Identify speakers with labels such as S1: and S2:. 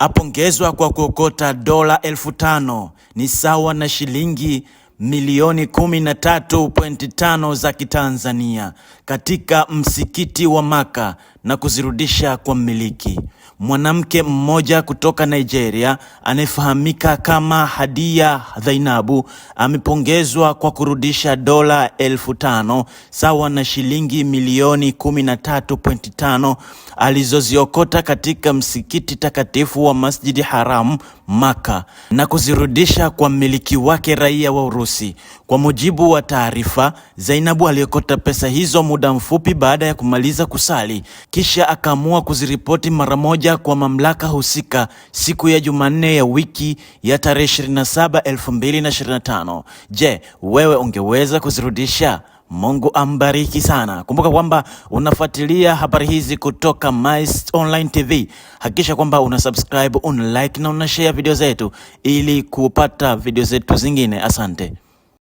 S1: apongezwa kwa kuokota dola elfu tano ni sawa na shilingi milioni 13.5 za Kitanzania katika msikiti wa Maka na kuzirudisha kwa mmiliki. Mwanamke mmoja kutoka Nigeria anayefahamika kama Hadia Zainabu amepongezwa kwa kurudisha dola elfu tano sawa na shilingi milioni 13.5 alizoziokota katika msikiti takatifu wa Masjidi Haram Maka na kuzirudisha kwa mmiliki wake raia wa Urusi. Kwa mujibu wa taarifa, Zainabu aliokota pesa hizo muda mfupi baada ya kumaliza kusali, kisha akaamua kuziripoti mara moja kuja kwa mamlaka husika siku ya Jumanne ya wiki ya tarehe 27, 2025. Je, wewe ungeweza kuzirudisha? Mungu ambariki sana. Kumbuka kwamba unafuatilia habari hizi kutoka Mice Online TV. Hakikisha kwamba una subscribe, una like na una share video zetu ili kupata video zetu zingine. Asante.